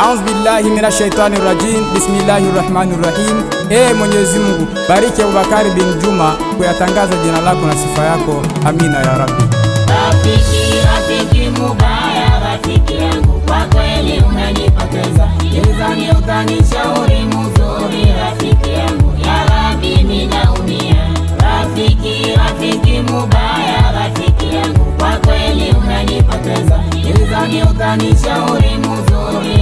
Audhu billahi minashaitani rajim. Bismillahi rahmani rahim. Ee Mwenyezi Mungu, bariki Abubakari bin Juma kuyatangaza jina lako na sifa yako. Amina ya Rabbi. Rafiki, rafiki mubaya, rafiki yangu kwa kweli unanipoteza. Gizani utanishauri mzuri, rafiki yangu ya Rabbi ninaumia. Rafiki, rafiki mubaya, rafiki yangu kwa kweli unanipoteza. Gizani utanishauri mzuri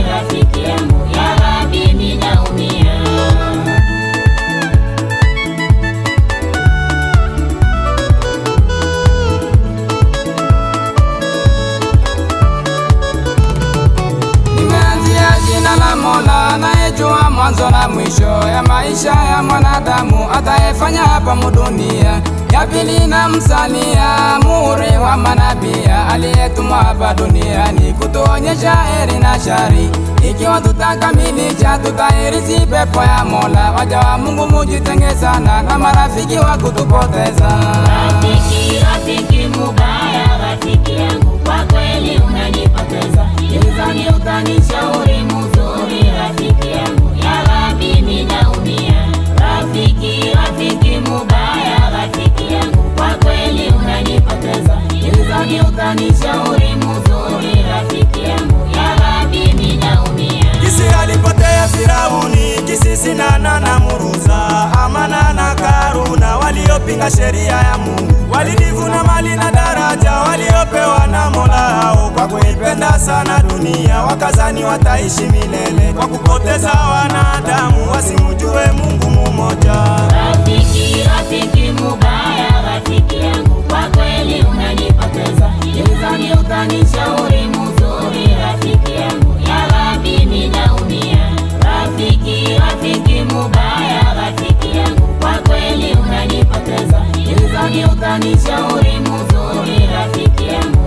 mwanzo na mwisho ya maisha ya mwanadamu, atayefanya hapa mudunia. Ya pili na msalia muri wa manabia, aliyetumwa hapa duniani kutuonyesha heri na shari. Ikiwa tutakamilisha, tutairithi pepo ya Mola. Waja wa Mungu mujitenge sana na marafiki wa kutupoteza. Rafiki, rafiki mubaya, rafiki yangu, kwa kweli unanipoteza. utanishauri mzuri, rafiki yangu mimi sheria ya Mungu, walivuna mali na daraja waliopewa na Mola wao, kwa kuipenda sana dunia wakazani wataishi milele, kwa kupoteza wanadamu wasimjue Mungu mmoja Ukanishauri mzuri, rafiki yangu,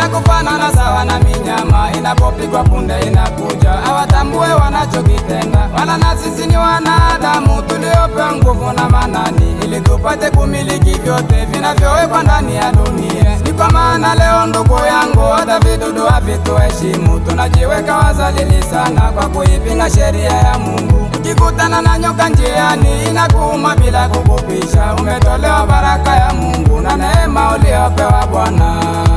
ya kufanana sawa na minyama, inapopigwa punde inakuja, hawatambue wanachokitenda, wala na sisi ni wanadamu tuliopewa nguvu na manani upate kumiliki vyote vinavyowekwa ndani ya dunia. Ni kwa maana leo, ndugu yangu, hata vidudu havituheshimu. Tunajiweka wazalili sana kwa kuipinga sheria ya Mungu. Ukikutana na nyoka njiani, inakuuma bila kukupisha, umetolewa baraka ya Mungu na neema uliyopewa Bwana.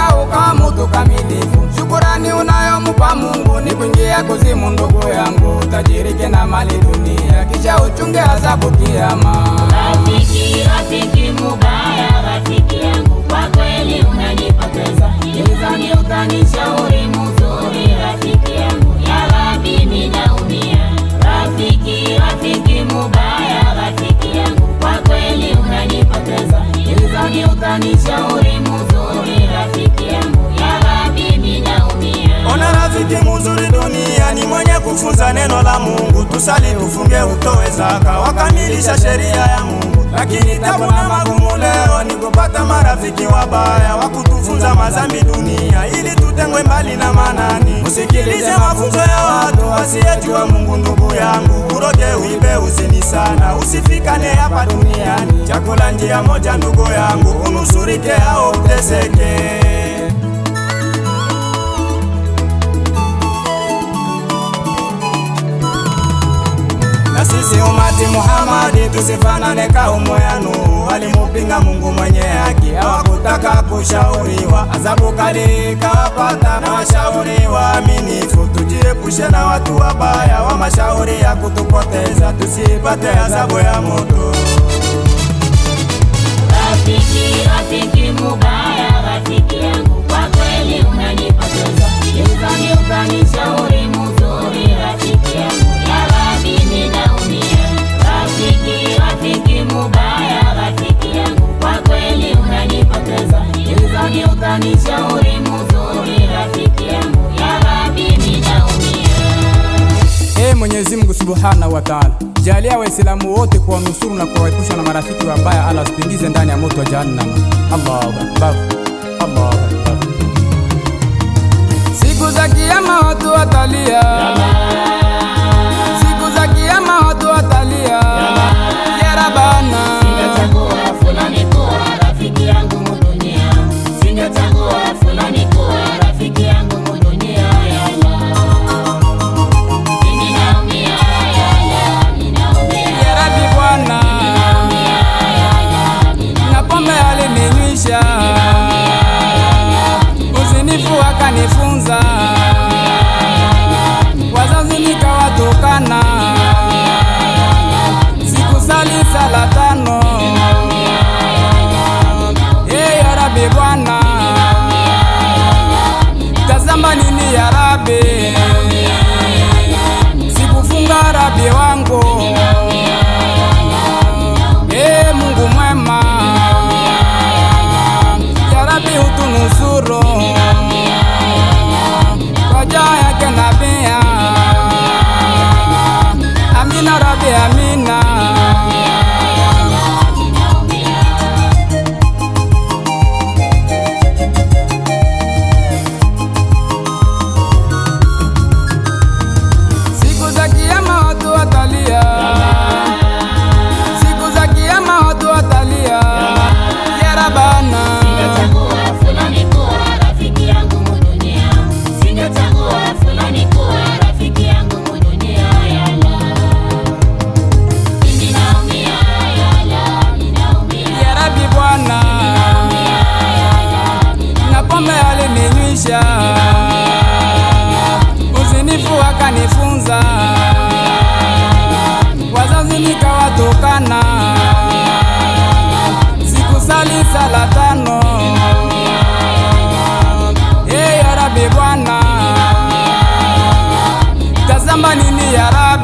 akageuka mtu kamilifu. Shukurani unayomupa Mungu ni kuingia kuzimu, ndugu yangu, tajirike na mali dunia, kisha uchunge azabu kiama. Rafiki, rafiki mubaya, rafiki yangu kwako kufunza neno la Mungu, tusali, tufunge, utoe zaka, wakamilisha sheria ya Mungu. Lakini tabu na magumu leo ni kupata marafiki wabaya wa kutufunza mazambi dunia, ili tutengwe mbali na manani. Usikilize mafunzo ya watu wasiyejua Mungu. Ndugu yangu, uroge uibe, uzini sana, usifikane hapa duniani. Chakula njia moja, ndugu yangu, unusurike au uteseke. Sisi umati Muhammadi tusifanane kaumu ya walimupinga Mungu mwenye haki, hawakutaka kushauriwa. Adhabu kali ikawapata na washauri waaminifu. Tujiepushe na watu wabaya wa mashauri ya kutupoteza, tusipate adhabu ya moto. Rafiki, rafiki mubaya, rafiki yangu kwa kweli unanipoteza, ukani ukanishauri Mwenyezi Mungu Subhanahu wa Ta'ala. Jalia Waislamu wote nusuru na kuwaepusha na marafiki wabaya, ala asipingize ndani ya moto wa Jahannam. Allahu Akbar. Allahu Akbar. Siku za kiyama watu watalia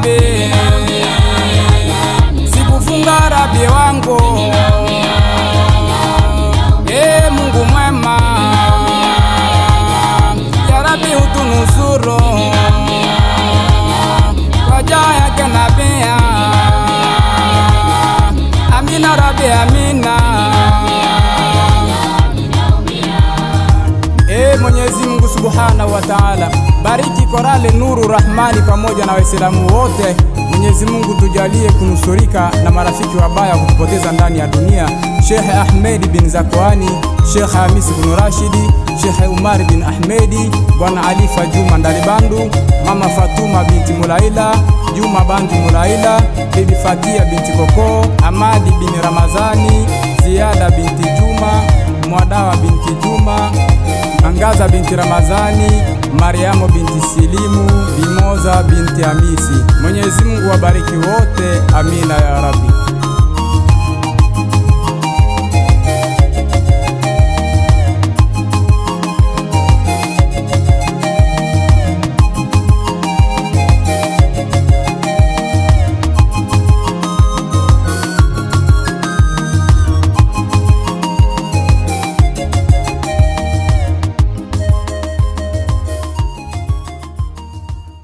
baby subhanahu wa taala. Bariki Korale Nuru Rahmani pamoja na Waislamu wote. Mwenyezi Mungu tujalie kunusurika na marafiki wabaya kutupoteza ndani ya dunia. shekhe ahmedi bin Zakwani, shekhe Hamisi bin Rashidi, shekhe Umar bin Ahmedi, Bwana Alifa Juma Ndalibandu, Mama Fatuma binti Mulaila, Juma Bandu Mulaila, Bibi Fatia binti Koko, Amadi bin Ramazani, Ziada binti Juma Mwadawa binti Juma, Angaza binti Ramazani, mariamo binti Silimu, Bimoza binti amisi Mwenyezi Mungu wabariki wote, amina ya Rabbi.